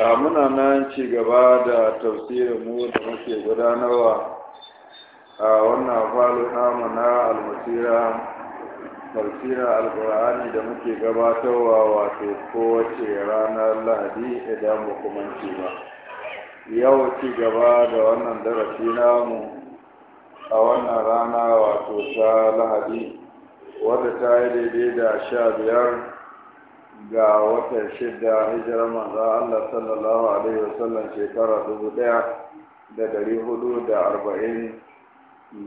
a muna nan ci gaba da tafsirin mu da muke gudanarwa a wannan falo namu na almasira tafsirin alkur'ani da muke gabatarwa wato kowace ranar lahadi idan mu kuma ba yau ci gaba da wannan darasi namu a wannan rana wato ta lahadi wadda ta yi daidai da sha biyar ga watan shida hijirar manzan Allah sallallahu alaihi wasallam shekara dubu daya da dari hudu da arba'in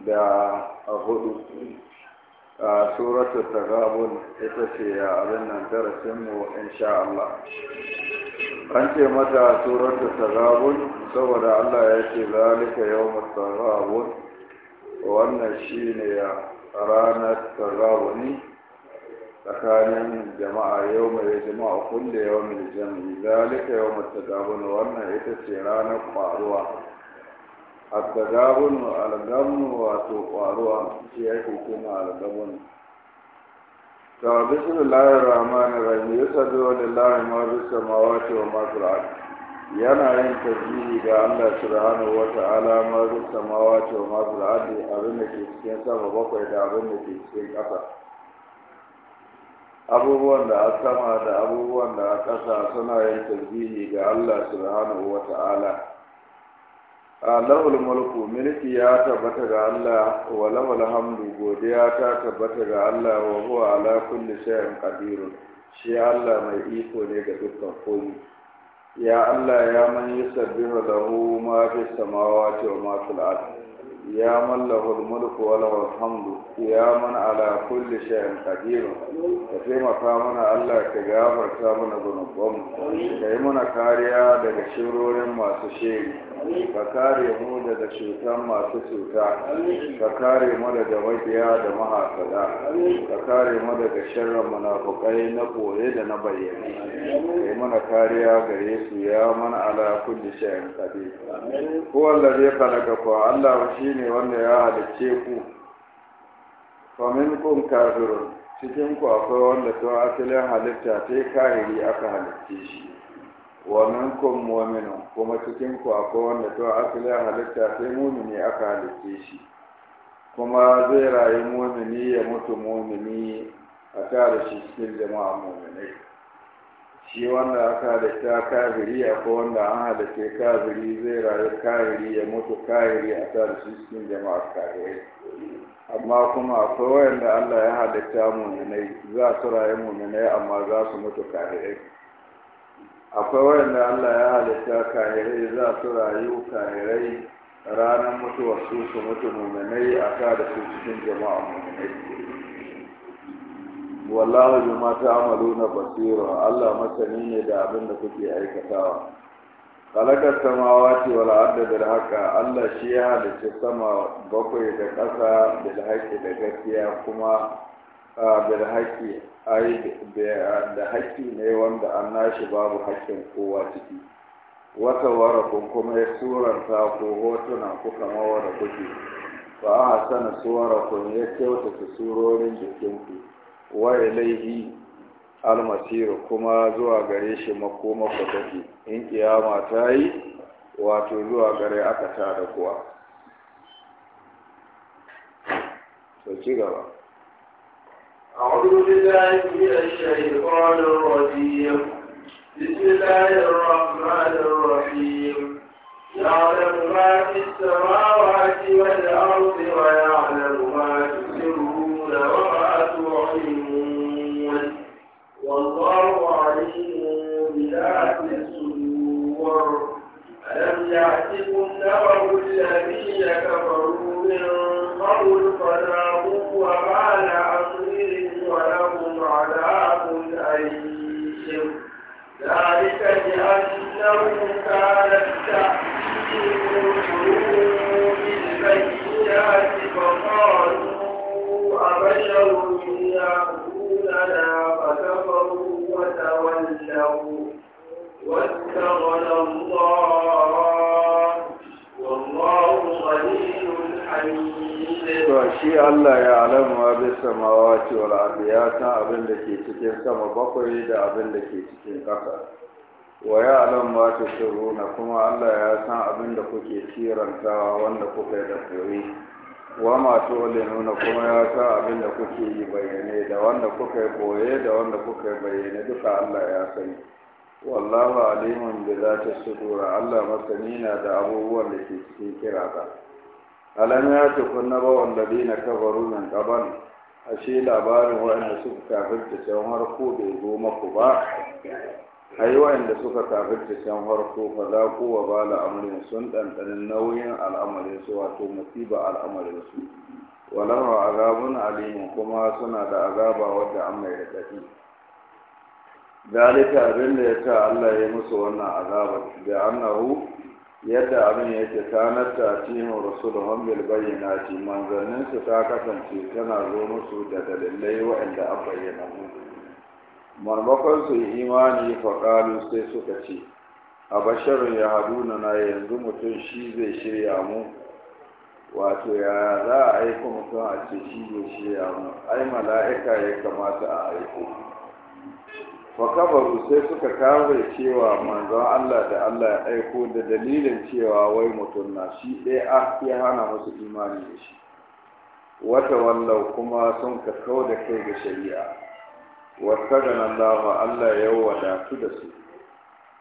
da hudu a suratu tagabun ita ce a abin nan darasinmu insha Allah an ce mata suratu tagabun saboda Allah ya ce zalika yau tagabun wannan shine ranar tagabuni tsakanin jama'a yau mai jama'a kulle yau mai jami'i zalika yau mai tagabun wannan ita ce ranar kwaruwa a tagabun algamun wato kwaruwa shi ya hukuma algamun ta bisu lalai rahmanin rami ya sabi wani layar ma bisa ma wace wa masu yana yin tasbihi ga Allah subhanahu wa ta'ala ma bisa ma wace wa masu abin da ke cikin sama bakwai da abin da ke cikin ƙasa abubuwan da a sama da abubuwan da a ƙasa suna yin tasbihi ga Allah subhanahu wa ta'ala lahul mulku milki ya tabbata ga Allah wa lahul hamdu godiya ta tabbata ga Allah wa huwa ala kulli shay'in qadir shi Allah mai iko ne ga dukkan komai ya Allah ya man yusabbihu lahu ma fi samawati wa ma fil ardi يا من له sha'an وله الحمد يا من على كل شيء قدير كما فامنا الله كغافر تامنا ذنوبهم كيمنا كاريا daga shirorin masu shiri ka kare mu daga cutan masu cuta ka kare mu daga mabiya da mahasada ka kare mu daga sharrin munafukai na koye da na bayyane kai mana kariya ga su ya man ala kulli shay'in qadir ko Allah zai kalaka ko Allah shi ne wanda ya halicce ku famin kun kafirun cikin ku akwai wanda to asalin halitta ta kahiri aka halicce shi wa kun muminu, kuma cikin ku akwai wanda to asalin halitta ta mumini aka halicce shi kuma zai rayu mumini ya mutu mumini a tare shi cikin jama'a muminai shi wanda aka halitta kafiri ko wanda an halitta kafiri zai rayu kafiri ya mutu kafiri a sa shi cikin jama'a kafirai amma kuma akwai wanda Allah ya halitta muminai za su rayu muminai amma za su mutu kafirai akwai wanda Allah ya halitta kafirai za su rayu kafirai ranar mutuwar su su mutu muminai a sa da su cikin jama'a muminai wallahu bima ta'maluna basira Allah masani ne da abin da kuke aikatawa khalaqa samawati wal arda bil haqa Allah shi ya halitta sama bakwai da ƙasa bil haqqi da gaskiya kuma bil haqqi ai da haqqi ne wanda an nashi babu haƙƙin kowa ciki wata warakun kuma ya suranta ko hotuna kuka mawa da kuke Ba a hasana suwarakun ya kyautata surorin jikinku wa ilaihi almasiru kuma zuwa gare shi makoma ko take in kiyama ta yi wato zuwa gare aka ta da kuwa to ci gaba أعوذ بالله من الشيطان الرجيم بسم الله الرحمن الرحيم يعلم ما في السماوات والأرض ويعلم ألم يأتكم نبأ الذين كفروا من قبل فذاقوا وبال أمرهم ولهم عذاب أليم ذلك بأنهم كانت تأتيهم بالبينات فقالوا أبشر يأتوننا فكفروا وتولوا Shi allah ya غني حميد وشي الله يعلم ما بالسماوات abin da ke cikin sama bakwai da abin da ke cikin ƙasa wa ya alam ma ta na kuma Allah ya san abin da kuke sawa wanda kuka da koyi wa ma nuna kuma ya san abin da kuke yi bayyane da wanda kuka koye da wanda kuka bayyane duka Allah ya sani wallahu alimun da za ta sudura Allah masani na da abubuwan da ke cikin kira ba alam ya tukun na ba wanda na kafaru min ashe labarin waɗanda suka kafirta can harko bai zo maku ba ai waɗanda suka kafirta can harko fa za ku wa bala sun ɗanɗanin nauyin al'amarin su wato musiba al'amarin su walahu azabun alimu kuma suna da azaba wadda an mai raɗaɗi dalika abin da ya sa Allah ya musu wannan azabar da annahu yadda abin yake kanar ta timu rasulun bil ci manzannin su ta kasance tana zo musu da dalilai waɗanda an bayyana mu marmakon su yi imani faƙalu sai suka ce a basharun ya na yanzu mutum shi zai shirya mu wato ya za a aiko mutum a ce shi zai shirya mu ai mala'ika ya kamata a aiko fakabaru sai suka kare cewa manzon Allah da Allah ya aiko da dalilin cewa wai mutum na shi ɗaya ya hana musu imani da shi wata wallau kuma sun ka kau da kai ga shari'a wata ganin Allah Allah ya wadatu da su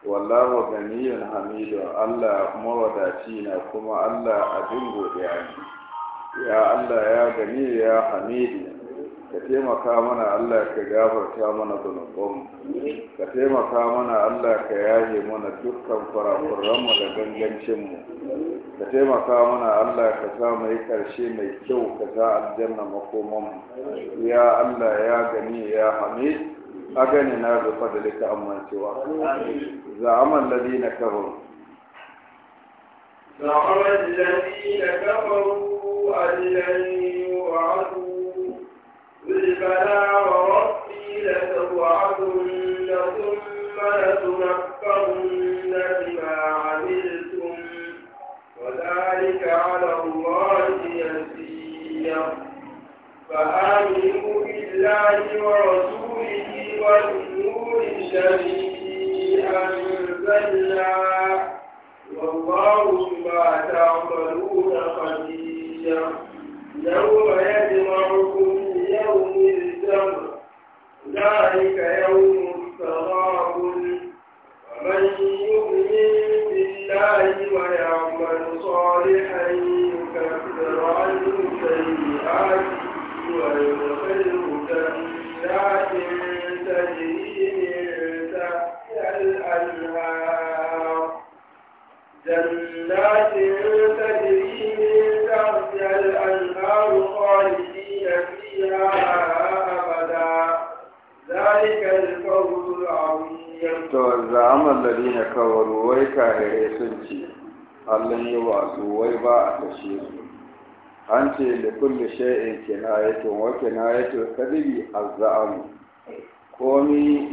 wallahu ganiyun hamidu Allah mawadaci na kuma Allah abin godiya ya Allah ya gani ya hamidu ka taimaka mana Allah ka gafarta mana zunubanmu ka taimaka mana Allah ka yaye mana dukkan mu da gangancinmu ka taimaka mana Allah ka sa mu yi ƙarshe mai kyau ka sa aljanna makomanmu ya Allah ya gani ya hamid أغننا بفضلك عمن سواك زعم الذين كفروا زعم الذين ladi أن لن يوعدوا قل بلى وربي لتوعدن ثم لَتُنَكَّرُنَّ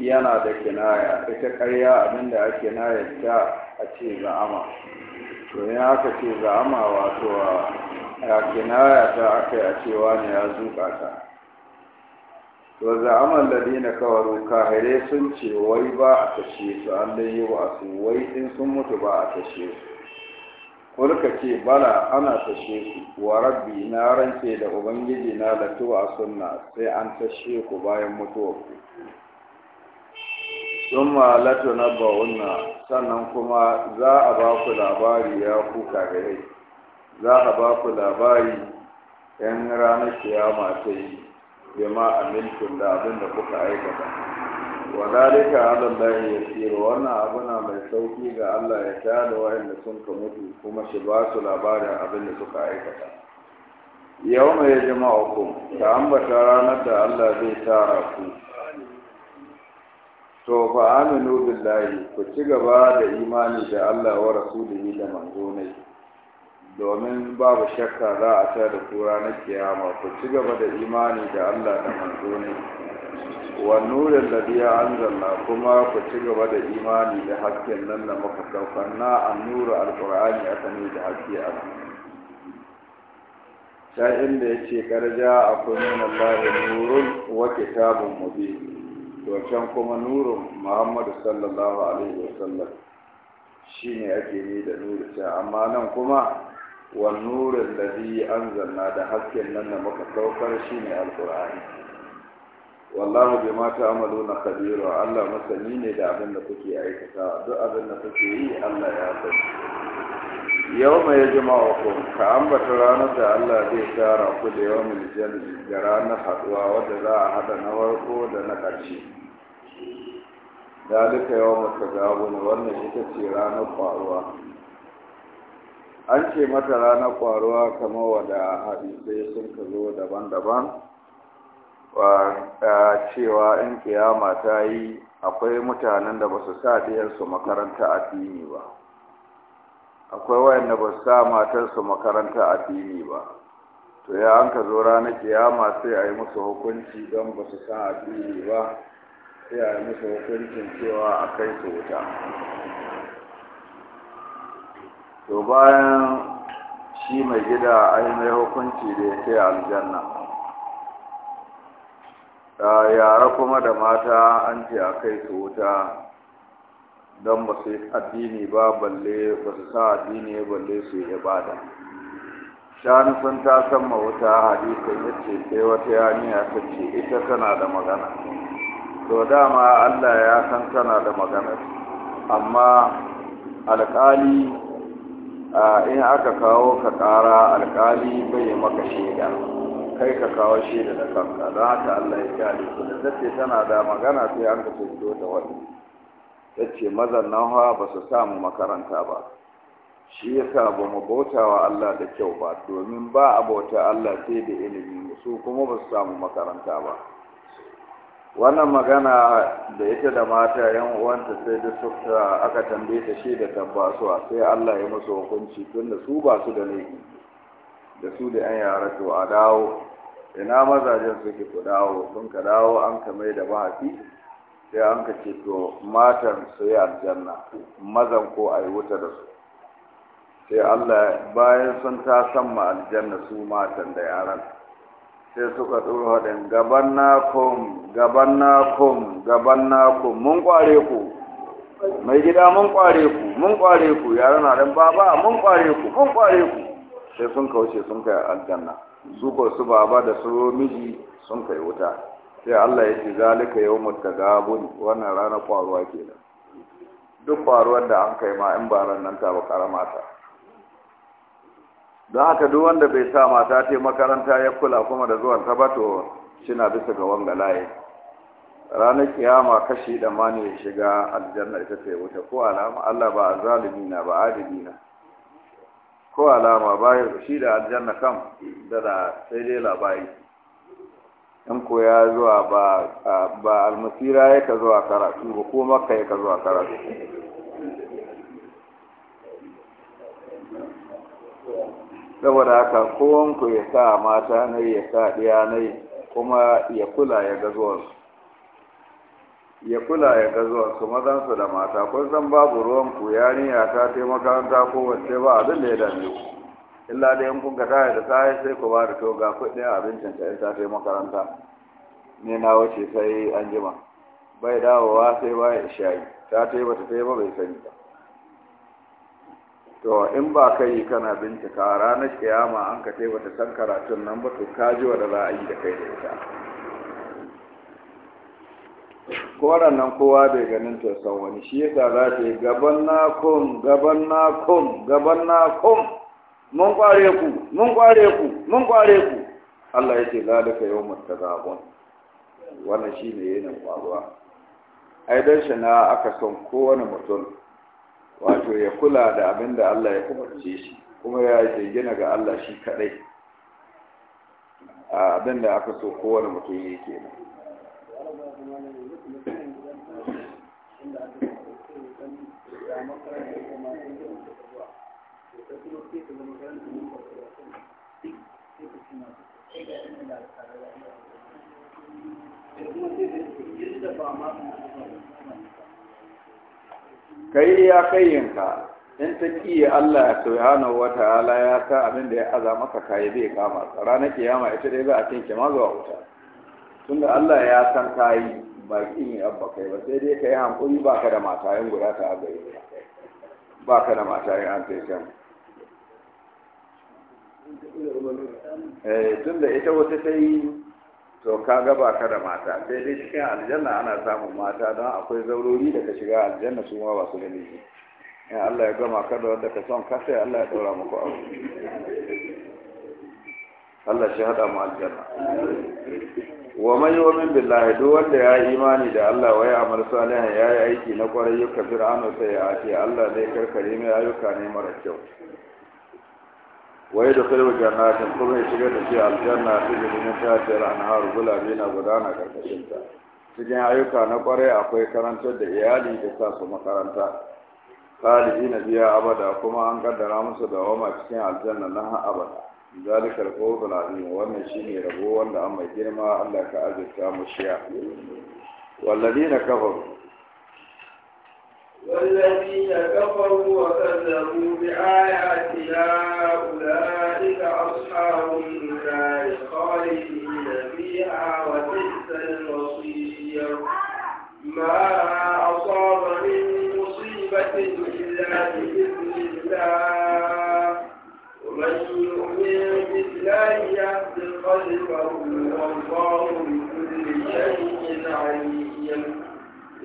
yana da kinaya ita karya abinda ake ta a ce za'ama domin aka ce za'ama wato a kinaya ta aka a cewa ne ya zuƙa ta to da ladina kawaru kahire sun ce wai ba a tashe su an dai yi wa su wai in sun mutu ba a tashe su kulka ce bala ana tashe su, wa rabbi na rance da ubangiji na da tuwa sunna sai an tashe ku bayan ku sun malatu na ba'unna sannan kuma za a ba ku labari ya kuka gare za a ba ku labari yan ranar kiyama ta yi bima amintum da abin da kuka aikata wadalika dalika ala Allah ya tsira wannan abu na mai sauki ga Allah ya wayan da sun ka mutu kuma shi ba su labarin abin da suka aikata yau mai jama'ukum ta ambata ranar da Allah zai tara ku to fa aminu billahi ku ci gaba da imani da Allah wa rasulihi da manzonai domin babu shakka za a ta da kura na kiyama ku ci gaba da imani da Allah da manzonai wa nurin da biya anzalna kuma ku ci gaba da imani da hakkin nan da muka saukar na annuru alqur'ani a sani da hakki a ta inda ya ce karja akwai nuna Allah nurun wa kitabun mubin can kuma nurin muhammadu sallallahu alaihi wasallam shi ne ake yi da nuri can amma nan kuma wani nurin da zai an zanna da hasken nan da muka saukar shi ne alkur'ani wallahu bi ma ta'malu na kabiru Allah masani ne da abin da kuke aikata duk abin da kuke yi Allah ya sani yau mai ya jima wa ku ka ambata ranar da Allah zai tsara ku da yau mai da ranar haɗuwa wadda za a haɗa na warko da na ƙarshe dalika yau mata gabu wannan ita ce ranar ƙwaruwa an ce mata ranar ƙwaruwa kamar wadda hadisai sun ka zo daban-daban cewa in kiyama ta yi akwai mutanen da ba su sa ɗiyarsu makaranta addini ba akwai wayanda ba su sa matarsu makaranta addini ba to ya an ka zo ranar kiyama sai a musu hukunci don ba su san addini ba sai a yi musu hukuncin cewa a kai su wuta to bayan shi mai gida a yi mai hukunci da ya kai aljanna ah, yara kuma da mata an ce a kai su wuta don ba su addini ba balle ba su sa addini balle su yi ibada shanu sun ta san wuta hadisin ya ce sai wata yaniya ta ce ita tana da magana to dama allah ya san tana da magana amma alkali in aka kawo ka kara alkali bai maka shaida kai ka kawo shaida da kanka don haka allah ya kyale su da zace tana da magana sai an ka ce ta wani Ta ce mazannan hawa ba su samu makaranta ba shi yasa ba mu bauta wa Allah da kyau ba domin ba a bauta Allah sai da ilimi su kuma ba su samu makaranta ba wannan magana da ita da mata yan uwanta sai da sufta aka tambaye ta shi da tabbasuwa sai Allah ya musu hukunci tunda su ba su da laifi da su da yan yara to a dawo ina mazajen suke ku dawo sun ka dawo an ka mai da fi sai an ka ce to matan su yi aljanna mazan ko a yi wuta da su sai Allah bayan sun ta ma aljanna su matan da yaran sai suka tsoro haɗin gaban na kun, gaban na kun, gaban na kun mun kware ku mai gida mun kware ku mun kware ku yaran na ɗan baba mun kware ku mun kware ku sai sun kauce sun kai aljanna su ko su baba da su miji sun kai wuta sai Allah ya ce zalika yawmut tagabun wannan ranar kwaruwa kenan duk faruwar da an kai ma in ba ran nan ta ba karama ta don haka duk wanda bai sa mata ta makaranta ya kula kuma da zuwan ta ba to shina bisa ga wanga layi ranar kiyama kashi da ma ne shiga aljanna ita ce wuta ko alama Allah ba zalimi na ba adili na ko alama ba shi da aljanna kam da sai dai labari in ko ya zuwa ba almasira ya ka zuwa karatu ba ko maka ya ka zuwa karatu saboda haka kowanku ya sa mata nai ya sa ɗiya nai kuma ya kula ya ga zuwansu ya kula ya ga su mazansu da mata kun san babu ruwan ni ya ta taimaka ta kowace ba abin da ya dame ku illa da an kun tashi da ta sai ku ba da to ga a abincin ka in ta yi makaranta ne na wuce sai an jima bai dawowa sai ba ya yi ta ta yi bata ta yi ba bai sani ba to in ba ka yi kana bincika ranar kiyama an ka ta bata san karatun nan ba to ka ji wa da za yi da kai da ita koran nan kowa bai ganin ta san wani shi yasa za ta yi gaban na kun gaban na kun gaban na kun mun kware ku mun kware ku mun kware ku Allah yake lalaka yau yawmut tazabun wannan shine yana kwaruwa ai dan shi na aka son kowane mutum wato ya kula da abin da Allah ya kubarce shi kuma ya jingina ga Allah shi kadai a abin da aka so kowane mutum ya ke nan Thank you. kai ya kai yanka, in ta kiye Allah subhanahu wa ya sa abin da ya aza maka kayi zai kama ranar kiyama ita dai za a cinke ma zuwa wuta tunda Allah ya san kayi ba kin yi abba kai ba sai dai kai hankuri baka da matayen guda ta a ba ka da matayen an sai Eh, tun da ita wata ta yi to ka ba ka da mata sai dai cikin aljanna ana samun mata don akwai zaurori da ka shiga aljanna su ma ba su gani shi Allah ya gama ka da wanda ka son ka sai Allah ya ɗora muku abu Allah shi hada mu aljanna wa man yu'min billahi duk wanda ya yi imani da Allah wa ya amal salihan ya yi aiki na kwarai yuka fir'aunu sai ya ce Allah zai karkare mai ayyuka ne mara kyau Wai da kullu jannatin kuma ya shiga da aljanna ta da mun ta ta anhar gulabi na gudana karkashin ta cikin ayyuka na kwarai akwai karantar da iyali da sa su makaranta khalidi na biya abada kuma an kaddara musu da wama cikin aljanna na abada zalika alqawlu azim wannan shine rabo wanda an mai girma Allah ka azurta mu shiya والذين kafaru والذين كفروا وكذبوا بآياتنا أولئك أصحاب النار خالدين فيها وبئس المصير ما أصاب من مصيبة إلا بإذن الله ومن يؤمن بالله يهد قلبه والله بكل شيء عليم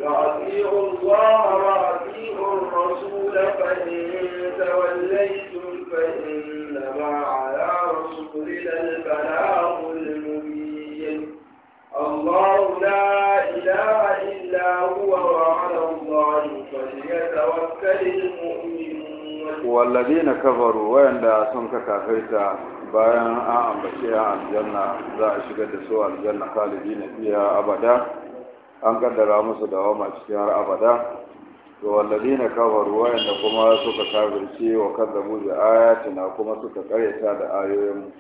وأطيعوا الله وأطيعوا الرسول فإن توليتم فإنما على رسولنا البلاغ المبين الله لا إله إلا هو وعلى الله فليتوكل المؤمنون والذين كفروا وين لا سنك كافيتا bayan an ambace a aljanna za a shigar da su aljanna an kaddara musu dawama cikin har abada to walladina kafaru wayanda kuma suka kafirce wa kazzabu ayati ayatina kuma suka karyata da ayoyin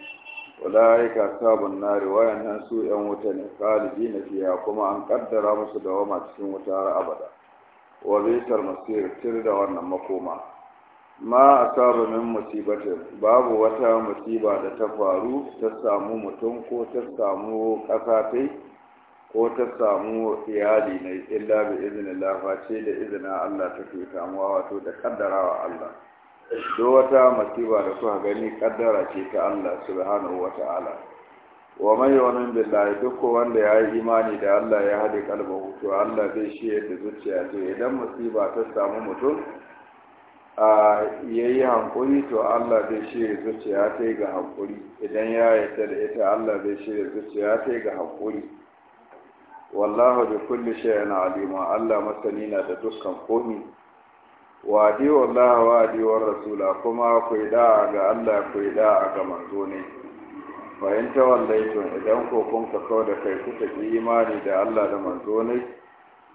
ulaika sabun nari wayannan su yan wuta ne khalidina ya kuma an kaddara musu dawama cikin wuta har abada wa bisar masir tir da wannan makoma ma asaba min musibatin babu wata musiba da ta faru ta samu mutum ko ta samu ta yi. ko ta samu iyali na illa bi izinin laface da izinin Allah ta fi kamuwa wato da kaddarawa Allah do wata masiba da kuka gani kaddara ce ta Allah subhanahu wa ta'ala wa man billahi duk wanda ya yi imani da Allah ya hade kalbahu to Allah zai shi yadda zuciya to idan masiba ta samu mutum a yayi hankuri to Allah zai shirya zuciya ta ga hankuri idan ya yarda da ita Allah zai shirya zuciya ta ga hankuri wallahu bi kulli shay'in alima Allah masani na da dukkan komi wa di wallahi wa di war rasula kuma ku da ga Allah ku da ga manzo ne fa in ta idan ko kun ka kawo da kai kuka yi imani da Allah da manzo ne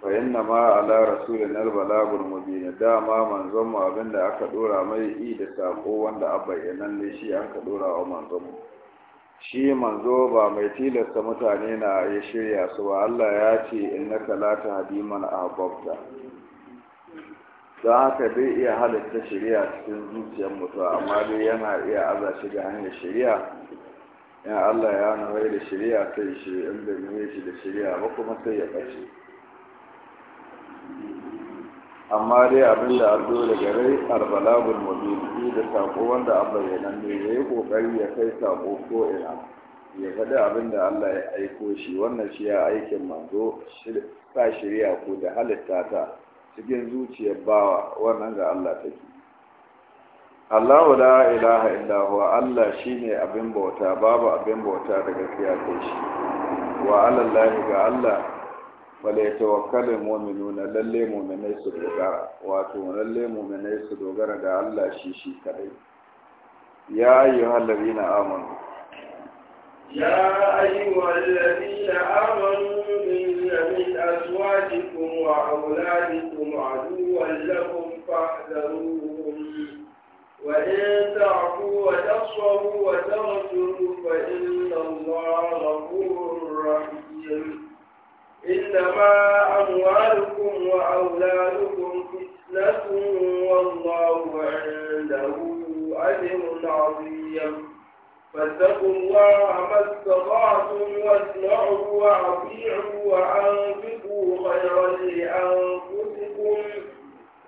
fa inna ma ala rasulina albalagul mubin dama manzon mu abinda aka dora mai i da sako wanda a bayyana ne shi aka dora wa manzon mu shi manzo ba mai tilasta mutane na ya shirya su ba Allah ya ce innaka la tahdi man ahbabta don haka bai iya halitta shirya cikin zuciyar mutu amma dai yana iya aza shi ga hanyar shirya in Allah ya nuna da shirya sai shi in bai shi da shirya ba kuma sai ya ɓace amma dai abin da an zo daga rai albalagul mubin da sako wanda an bayyana ne ya yi kokari ya kai sako ko ina ya faɗi abin da Allah ya aiko shi wannan shi ya aikin manzo sa shirya ko da halitta ta cikin zuciyar bawa wannan ga Allah take Allahu la ilaha illa huwa Allah shine abin bauta babu abin bauta da gaskiya sai shi wa alallahi ga Allah wakalin falayatawakkalul na lalle mu'minai su dogara wato lalle mu'minai su dogara ga Allah shi shi kadai ya ayyuhal ladina amanu ya ayyuhal ladina amanu inna min azwajikum kuma awladikum aduwwan lakum fahdharuhum wa in ta'fu wa tasfahu wa taghfiru fa inna Allaha ghafurur rahim nam hụwa aụkọ nwa ahụ na-aụọ na-atụ ụmụ nwa hụa ụ adịụ naọụya anwa amakọụ nwa naọụwa ụa ahụụụaad ahụkụ ụkụe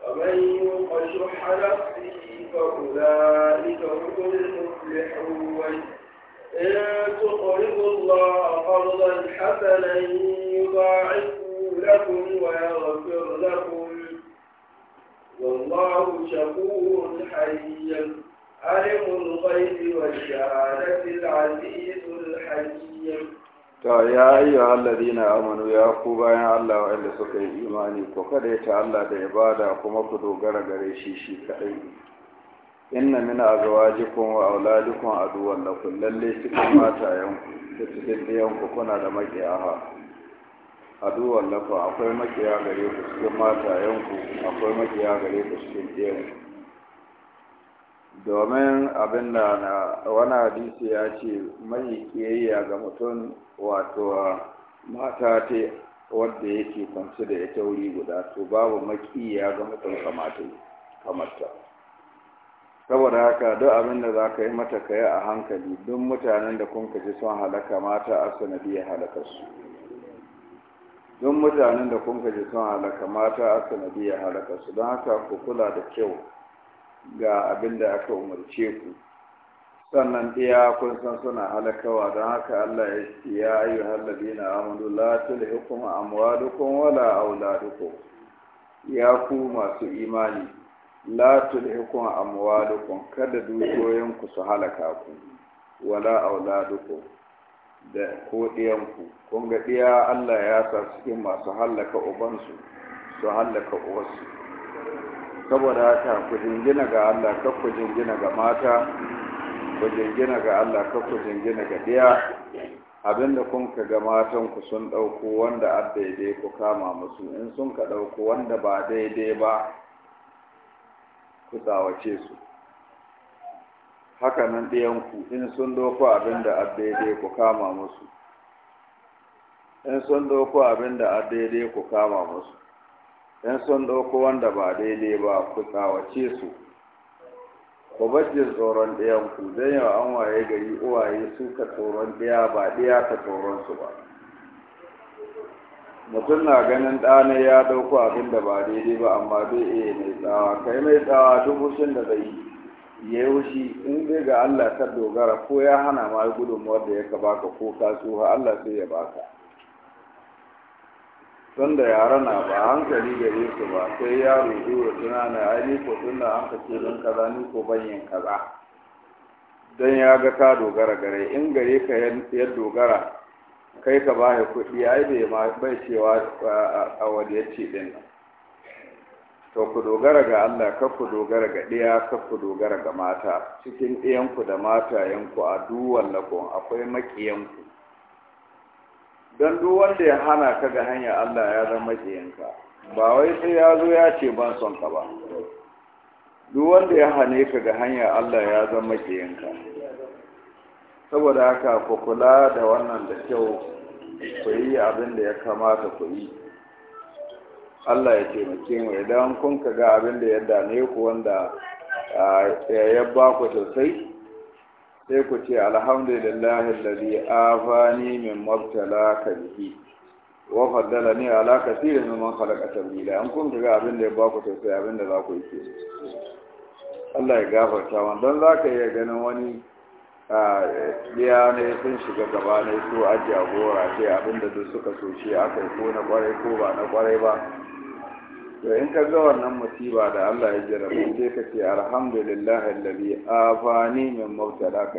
ọba we ọchị haa ụma bụaị ọụkụ lọ leaye إن تقرضوا الله قرضا حسنا يضاعفه لكم ويغفر لكم والله شكور حليم علم الغيب والشهادة العزيز الحكيم ta ya yi wa na amanu ya ku bayan Allah wa'anda suka yi imani ko kada ta Allah da ibada kuma ku dogara gare shi shi kaɗai inna min azwajikum wa auladikum aduwwan lakum lalle cikin matayanku da cikin ɗiyanku kuna da makiyaha aduwwan lakum akwai makiya gare ku cikin matayanku akwai makiya gare ku cikin ɗiyanku domin abin da na wani hadisi ya ce mai kiyayya ga mutum wato mata ta wadda yake kwanci da ya tauri guda to babu makiya ga mutum kamata kamar ta saboda haka duk abin da za ka yi mata ka yi a hankali duk mutanen da kun ji sun halaka mata a sanadiyar halakarsu duk mutanen da kun ji sun halaka mata a sanadiyar halakarsu don haka ku kula da kyau ga abin da aka umarce ku sannan ɗaya kun san suna halakawa don haka Allah ya ce ya ayyu halabi na amadu la tulhikum amwalukum wala auladukum ya ku masu imani la tulhikum amwalukum kada ku su halaka ku wala auladukum da ko ɗiyanku kun ga ɗiya Allah ya sa cikin masu halaka ubansu su halaka uwarsu saboda haka ku jingina ga Allah ka ku jingina ga mata ku jingina ga Allah ka ku jingina ga ɗiya da kun ka ga matan ku sun ɗauko wanda a dai ku kama musu in sun ka ɗauko wanda ba daidai ba ku tsawace su haka nan ɗayanku in sun doko abin da daidai ku kama musu in sun doko abin da daidai ku kama musu in sun doko wanda ba daidai ba ku tsawace su ku bace tsoron ɗiyanku, don yawa an waye gari uwaye su ka tsoron ɗaya ba ɗaya ka tsoron su ba mutum na ganin ɗane ya ɗauko abin da ba daidai ba amma bai iya mai tsawa kai mai tsawa duk hushin da zai ya yi hushi in zai ga Allah ta dogara ko ya hana ma gudunmuwar da ya ka baka ko ka tsoha Allah sai ya baka tun da yara na ba hankali gare su ba sai ya zuwa tunana ai ni ko tun da hanka ce don kaza ni ko banyan kaza don ya ga ka dogara gare in gare ka ya dogara kai ka ba kuɗi ai bai ma bai cewa a ce ɗin nan to ku dogara ga Allah ka ku dogara ga ɗiya ka ku dogara ga mata cikin ɗiyanku da matayenku a duwan lakon akwai maƙiyanku don duk wanda ya hana ka ga hanyar Allah ya zama maƙiyanka ba wai sai ya zo ya ce ban son ka ba duk wanda ya hane ka ga hanyar Allah ya zama maƙiyanka saboda haka ku kula da wannan da kyau ku yi abin da ya kamata ku yi Allah ya taimake mu idan kun ka ga abin da ya dame ku wanda ya ba ku sosai sai ku ce alhamdulillahi alladhi afani min mabtala bihi wa faddala ni ala min man khalaqa tabdila an kun ga abin da ya ba ku sosai abin da za ku yi Allah ya gafarta wannan za zaka iya ganin wani ya ne sun shiga gaba ne su a jagora ce abinda duk suka so shi aka yi ko na kwarai ko ba na kwarai ba to in ka ga wannan musiba da Allah ya jarabe sai ka ce alhamdulillah alladhi afani min mawtala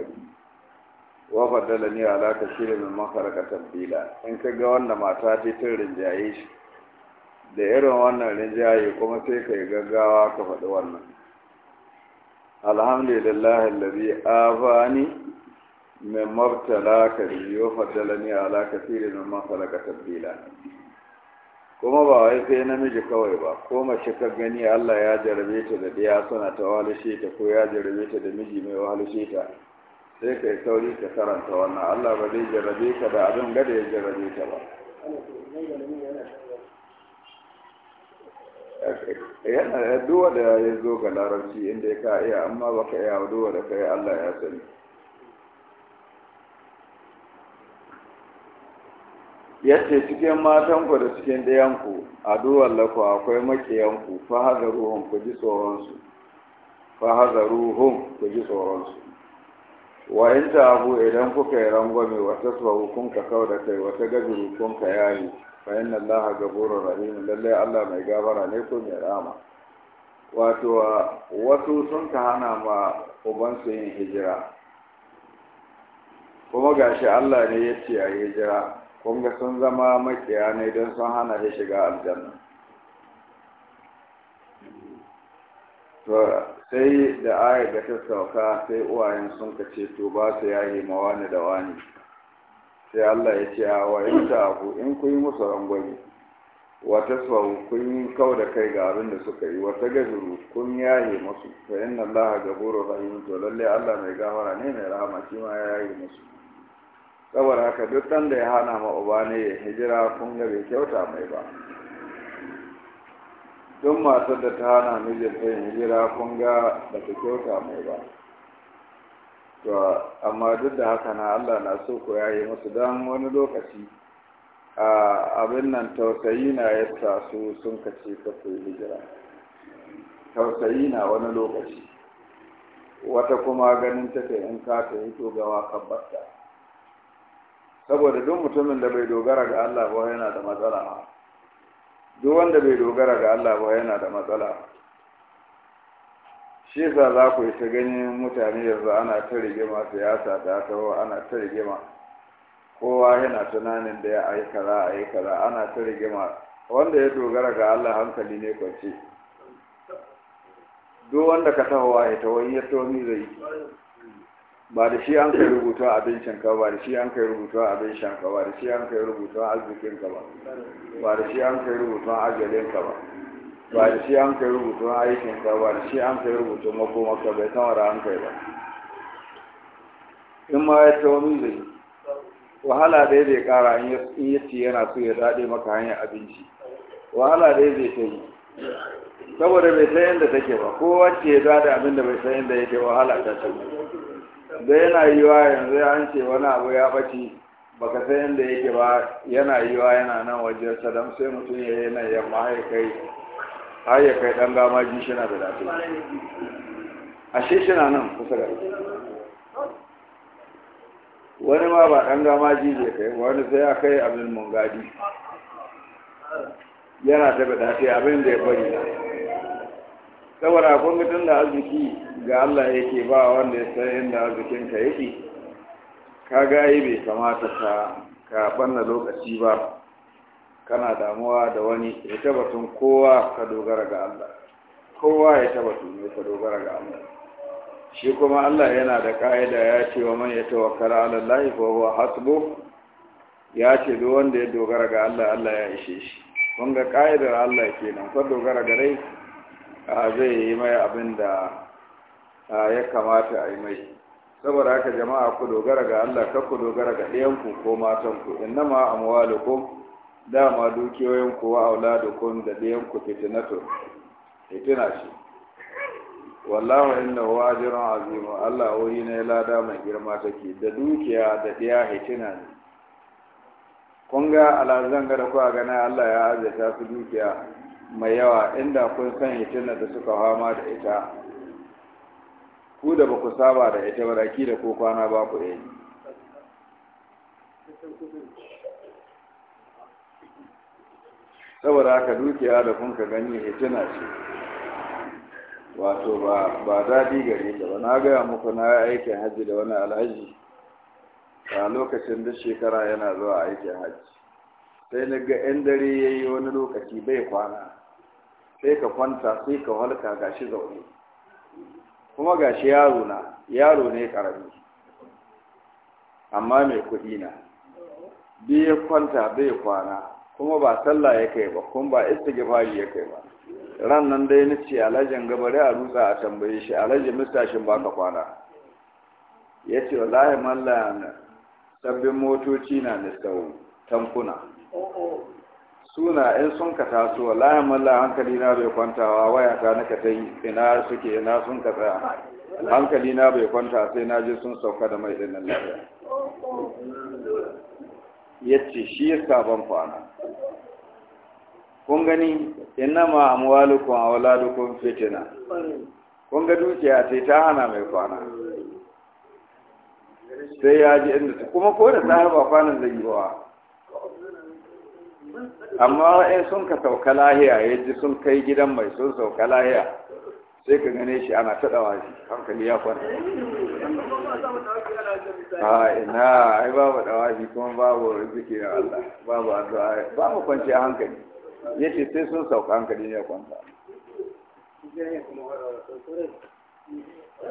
wa faddala ni ala kashir min makaraka tabila in ka ga wannan mata ce tun rinjaye shi da irin wannan rinjaye kuma sai ka yi gaggawa ka faɗi wannan alhamdulillah alladhi afani min mabtala da bi wa ala kathirin mimman khalaqa tabdila kuma ba wai sai namiji kawai ba ko mace ka gani Allah ya jarabe ta da ɗaya suna ta walishe ta ko ya jarabe ta da miji mai walishe ta sai kai sauri ka karanta wannan Allah ba zai jarabe ka da abin gada ya jarabe ta ba yana duwa da ya zo ga larabci inda ya ka iya amma ba ka iya duwa da kai Allah ya sani yace cikin matanku da cikin dayanku a duwan akwai makiyanku fa haza ruhun ku ji tsoronsu fa wa in ta abu idan kuka yi rangwame wata tsawo kun ka kau da kai wata gajiru kun ka yari fa inna allaha ghafurur rahim lalle Allah mai gafara ne ko mai rahama wato wasu sun ka hana ma ubansu yin hijira kuma gashi Allah ne ya ce a hijira kun ga sun zama makiya ne don sun hana shi shiga aljanna to sai da ayar da ta sauka sai uwayen sun ka ce to ba su yayi mawani da wani sai Allah ya ce a wa in ta'afu in ku yi musu rangwani Wata sau kun yi kau da kai ga abin da suka yi wata tagafiru kun yaye musu fa inna Allah ghafurur rahim to lalle Allah mai gafara ne mai rahama shi ma ya yaye musu saboda haka duk dan da ya hana ma uba ne ya hijira kun ga bai kyauta mai ba don matar da ta hana mijinta ya hijira kun ga ba kyauta mai ba to amma duk da haka na Allah na so ku yaye musu dan wani lokaci abin nan tausayi na yasa su sun kace ka ku hijira tausayi na wani lokaci wata kuma ganin take in ka ta yi to kabbata saboda duk mutumin da bai dogara ga Allah ba yana da matsala duk wanda bai dogara ga Allah ba yana da matsala shi za ku yi ganin mutane yanzu ana ta rigima siyasa da ta ana ta rigima kowa yana tunanin da ya ayi kaza ayi kaza ana ta rigima wanda ya dogara ga Allah hankali ne kwance duk wanda ka taho wa ta wani ya ni zai ba da shi an kai a abincin ka ba da shi an kai a abincin ka ba da shi an kai a arzikin ka ba ba da shi an kai a ajalin ka ba ba da shi an kai rubutun aikin ka ba da shi an kai rubutun makomaka bai tawara an kai ba in ma ya ta wani zai wahala ya zai kara in ya yana so ya daɗe maka hanyar abinci wahala dai zai ta yi saboda bai san yadda take ba ko wacce ya daɗe abin da bai san yadda yake wahala ta ta da yana yiwa yanzu an ce wani abu ya ɓaci baka san yadda yake ba yana yiwa yana nan wajen sadam sai mutum ya yi nan yamma ya kai har ya kai ɗan gama ji shi na da lafiya ashe shi na nan kusa da ita wani ma ba ɗan gama ji zai kai wani sai ya kai abin mungadi yana taɓa ɗafi abin da ya bari na saboda kun da arziki ga Allah yake ba wanda ya san inda arzikin ka yake ka ga bai kamata ka ka lokaci ba kana damuwa da wani ya tabbatun kowa ka dogara ga Allah kowa ya tabbatun ne ka dogara ga Allah shi kuma Allah yana da ka'ida ya ce wa man ya tawakkala ala Allah fa huwa hasbu ya ce duk wanda ya dogara ga Allah Allah ya ishe shi kun ga ka'idar Allah kenan ka dogara ga rai zai yi mai abin da ya kamata a yi mai saboda haka jama'a ku dogara ga Allah ka ku dogara ga ɗiyanku ko matanku innama amwalukum dama dukiyoyin auladu kun da ɗayan ku fitinatu fitina ce wallahu innahu ajrun azim Allah wuri ne lada mai girma take da dukiya da ɗaya fitina ne kun ga alazan ga da a gana Allah ya azata su dukiya mai yawa inda kun san fitina da suka hama da ita ku da baku saba da ita ba da ko kwana ba ku yi saboda haka dukiya da kun ka gani hitina ce wato ba daɗi gare ta ba na gaya muku na aikin hajji da wani alhaji a lokacin da shekara yana zuwa aikin hajji sai na ga 'yan dare ya yi wani lokaci bai kwana sai ka kwanta sai ka halka gashi zaune kuma gashi yaro na yaro ne karami amma mai kuɗi na Biye kwanta bai kwana kuma ba sallah ya kai ba kuma ba istighfari ya kai ba ran nan dai ce alhajin gabare a rutsa a tambaye shi alhaji mistashin baka kwana yace wallahi mallan sabbin motoci na na sau tankuna suna in sun ka taso wallahi mallan hankali na bai kwantawa waya ta naka ta yi ina suke ina sun ka tsaya hankali na bai kwanta sai na ji sun sauka da mai dinnan lafiya yace shi ya saban kwana kun gani ina ma amwalukum awladukum fitina kun ga dukiya sai ta hana mai kwana sai ya ji inda kuma ko da tsara ba kwanan zai yi ba amma in sun ka sauka lahiya ya ji sun kai gidan mai sun sauka lahiya sai ka gane shi ana taɗawa shi hankali ya kwanta a ina ai babu dawafi kuma babu zikirin Allah babu addu'a babu kwanci a hankali yace sai sun sauka hankali ne kwanta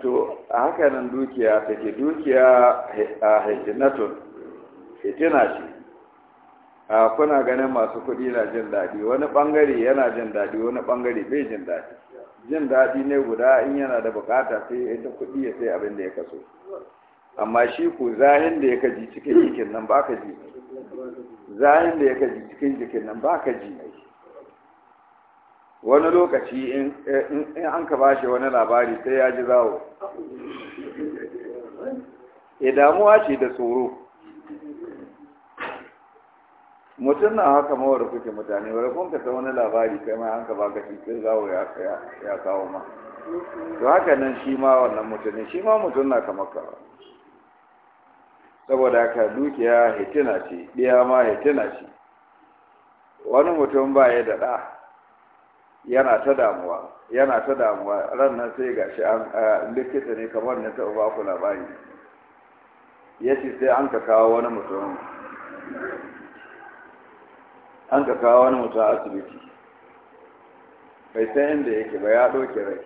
to a haka nan dukiya take dukiya a hijinatun hitina ce a kuna ganin masu kuɗi na jin daɗi wani ɓangare yana jin daɗi wani ɓangare bai jin daɗi jin daɗi ne guda in yana da bukata sai ya ta kuɗi ya sai abin da ya kaso amma shi ko zahin da ya kaji cikin jikin nan ba ka ji zahin da ya kaji cikin jikin nan ba ka ji wani lokaci in an ka bashi wani labari sai ya ji zawo e damuwa ce da tsoro mutum na haka mawar kuke mutane wani kun ka ta wani labari kai mai hanka baka shi sai zawo ya kawo ma to haka nan shi ma wannan mutumin shi ma mutum na kamar ka saboda ka dukiya hitina ce ɗiya ma hitina ce wani mutum ba ya da yana ta damuwa yana ta damuwa rannan sai ga shi an likita ne kamar na taɓa ku labari ya ce sai an ka kawo wani mutum an ka kawo wani mutu a asibiti bai san inda yake ba ya ɗauke rai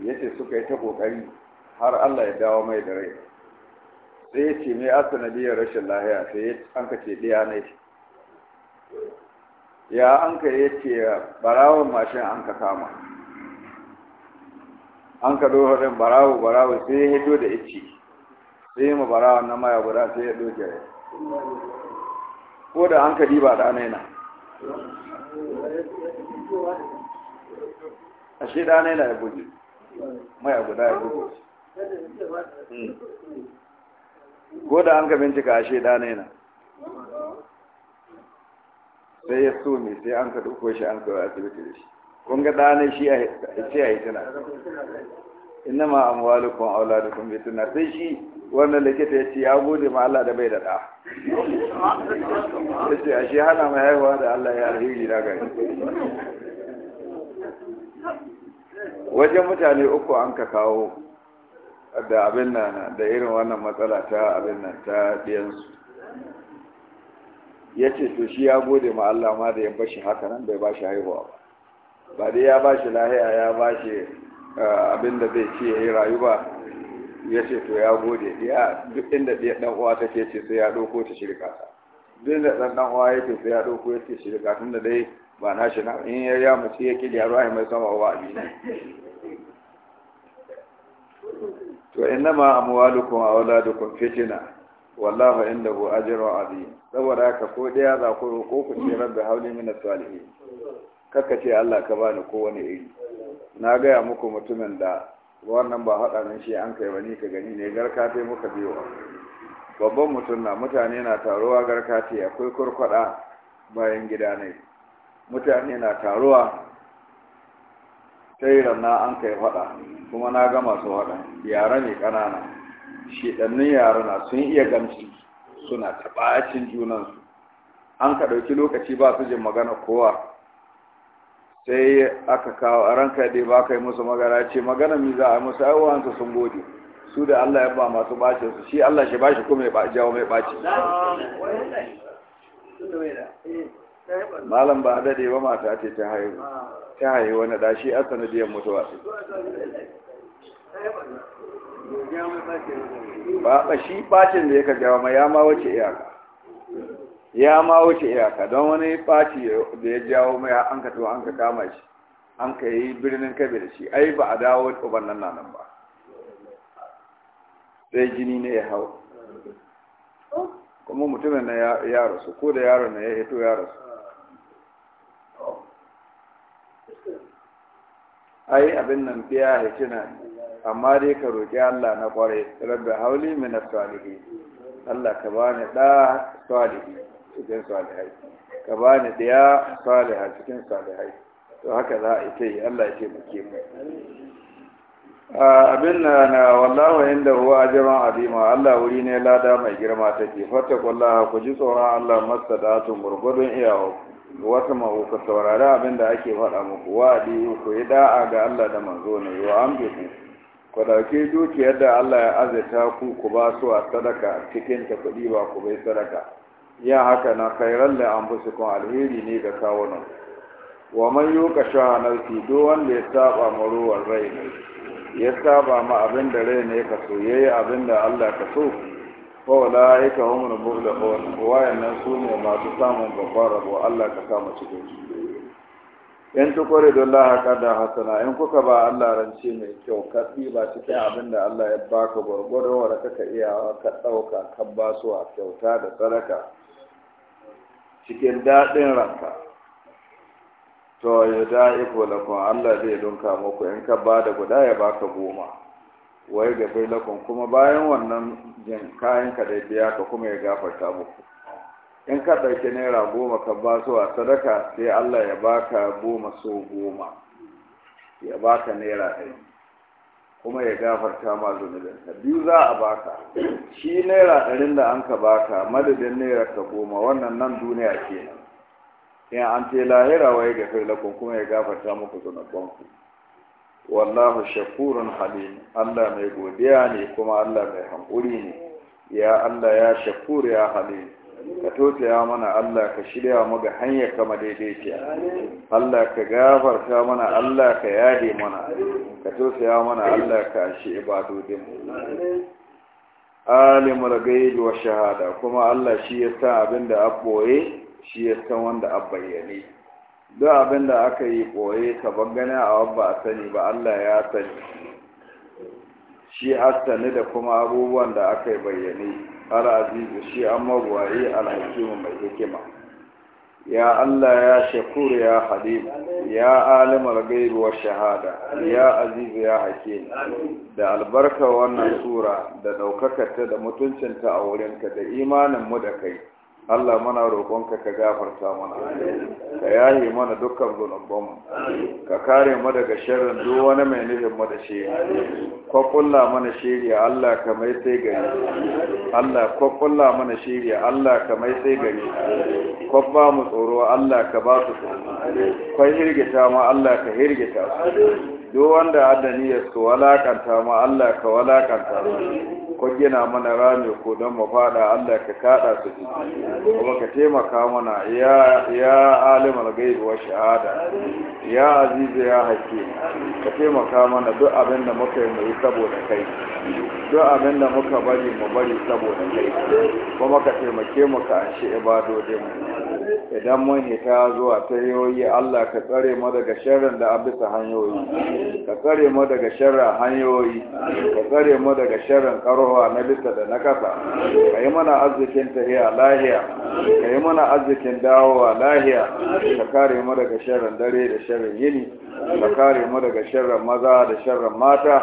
ya ce suka yi ta ƙoƙari har allah ya dawo mai da rai sai ya ce mai asanadiyar rashin lahiya sai an ka ce ɗaya ne ya an ka ya ce barawon mashin an ka kama an ka doho ɗin barawo barawo sai ya hito da ici sai ya ma barawon na maya guda sai ya ɗauke rai ko da an ka diba ɗanai na a shi na yana ya gudu mai guda ya gudu ko da an ka bincika a shi na yana sai ya so ne sai an ka duk shi an ka yi asibiti da shi kunga ga shi a ce a hitina inna ma amwalukum auladukum fitna sai shi wannan likita ya ce ya gode ma Allah da bai da da ya ce shi hana mai haihuwa da Allah ya alheri da gari wajen mutane uku an ka kawo da abin nan da irin wannan matsala ta abin nan ta diyansu. ya ce to shi ya gode ma Allah ma da ya bashi haka nan bai bashi haihuwa ba ba dai ya bashi lahiya ya bashi abin da zai ce ya yi rayu ba ya ce to ya gode ya duk inda ɗaya ɗan uwa ke ce sai ya ɗauko ta shirka ta duk inda ɗan ɗan uwa ce sai ya ɗauko ya ce shirka tun da dai ba na shi na in ya ya mace ya ƙi yaro ai mai sama wa abin to ma amwalukum wa auladukum fitina wallahu indahu ajrun azim saboda haka ko ɗaya za ku ko ku ce rabbi hauli min as-salihin kaka ce Allah ka bani kowane iri na gaya muku mutumin da wannan ba haɗa min shi an kai wani ka gani ne garka ta muka biyo babban mutum na mutane na taruwa garka ta akwai kurkwada bayan gida ne mutane na taruwa Ta yi ranna an kai faɗa kuma na ga masu faɗa yara ne ƙanana shiɗannin yara na sun iya gamsi suna taɓacin junansu an ka ɗauki lokaci ba su jin magana kowa sai aka kawo a ranka da ba kai musu magana ce magana mi za a musu aiwansu sun gode su da Allah ya ba masu bacin su shi Allah shi bashi kuma ya jawo mai bacin malam ba dade ba mata ce ta haihu ta haihu wani da shi a sanadiyar mutuwa ba shi bacin da ya ka jawo mai ya ma wace iyaka ya ma wuce iyaka don wani ɓaci da ya jawo mai an ka an ka kama shi an ka yi birnin kabe da shi ai ba a dawo uban nan nan ba sai jini ne ya hau kuma mutumin na ya rasu ko da yaron na ya hito ya rasu ai abin nan biya hikina amma dai ka roƙi Allah na ƙware rabbi hauli min as-salihin Allah ka bani da salihin cikin salihai ka ba ni ɗaya saliha cikin salihai to haka za a ce yi Allah ya muke mu abin na na wallahu inda huwa ajran azima Allah wuri ne lada mai girma take fata wallahi ku ji tsoron Allah masadatu murgudun iyawa wata mahu ku saurari abin da ake faɗa muku wa'adi ku yi da'a ga Allah da manzo ne wa ambe ku ku dauki dukiyar da Allah ya azata ku ku ba su a sadaka cikin ta kuɗi ba ku bai sadaka yin haka na khairan la anfusikum alheri ne ga kawunan wa man yuka nafsi do wanda ya saba ma ruwan rai ne ya saba ma abin da rai ne ka so yayi abin da Allah ka so fa ulaika humul muflihun wayannan su ne masu samun babban rabo Allah ka samu cikin su in tukuri da Allah da hasana in kuka ba Allah rance mai kyau ka ba cikin abin da Allah ya baka gwargwado wanda kaka iya ka dauka ka a kyauta da sadaka cikin daɗin ranka to ya da'ifu lakon Allah zai dunka muku in ka bada guda ya baka goma wai gabe lakon kuma bayan wannan jin kayan ka da biya ka kuma ya gafarta muku in ka ɗauki naira goma ka ba su a sadaka sai Allah ya baka goma so goma ya baka naira ɗaya. kuma ya gafarta ma zunubin ka biyu za a baka shi naira ɗarin da an ka baka madadin naira ka goma wannan nan duniya ke nan. in an ce lahira wai ga lakon kuma ya gafarta muku zunubanku wallahu shakurun halim Allah mai godiya ne kuma Allah mai hankuri ne ya Allah ya shakur ya halim ka tausaya mana Allah ka shirya mu ga hanyar kama daidaiciya Allah ka gafarta mana Allah ka yade mana ka tausaya mana Allah ka shi ibadodin alimul gaibi wa shahada kuma Allah shi ya san abin da boye shi ya san wanda a bayyane. duk abin da aka yi boye ka bangana a wabba a sani ba Allah ya sani shi astani da kuma abubuwan da aka yi bayyane Azizu shi an magwaye alhakimu mai hikima ya Allah ya shakur ya halim ya alimar gairuwar shahada ya azizu ya hakim da albarka wannan tura da ɗaukakarta da mutuncinta a wurinka da imaninmu da kai Allah mana roƙonka ka gafarta mana ka yahi mana dukkan zunubanmu ka kare mu daga shirin duk wani mai nufin mu da shi ka mana shirya, Allah ka mai sai gari Allah ka mana shirya, Allah ka mai sai gari ka mu tsoro Allah ka ba su tsoro Kwan hirgita ma Allah ka hirgita su duk wanda adani ya su walakanta ma Allah ka walakanta su Kogina mana rami ko don mu fada Allah ka kada su ji kuma ka taimaka mana ya ya al gaibi wa shahada ya azizu ya hakim ka taimaka mana duk abin da muka yi mu saboda kai duk abin da muka bari mu bari saboda kai kuma ka taimake mu ka ashe ibadodin mu idan mun hita zuwa ta hanyoyi Allah ka tsare mu daga sharrin da abisa hanyoyi ka tsare mu daga sharrin hanyoyi ka tsare mu daga sharrin karuwa na bisa da na kasa ka yi mana arzikin tahiya lahiya ka yi mana arzikin dawowa lahiya ka kare mu daga sharrin dare da sharrin yini ka kare mu daga sharrin maza da sharrin mata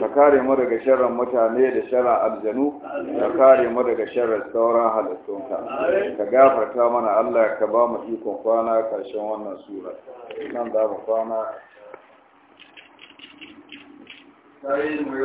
ka kare mu daga sharrin mutane da sharrin aljanu ka kare mu daga sharrin sauran halittunka ka gafarta mana Allah Allah ka ba mu ikon kwana ƙarshen wannan sura nan da mu kwana mu yi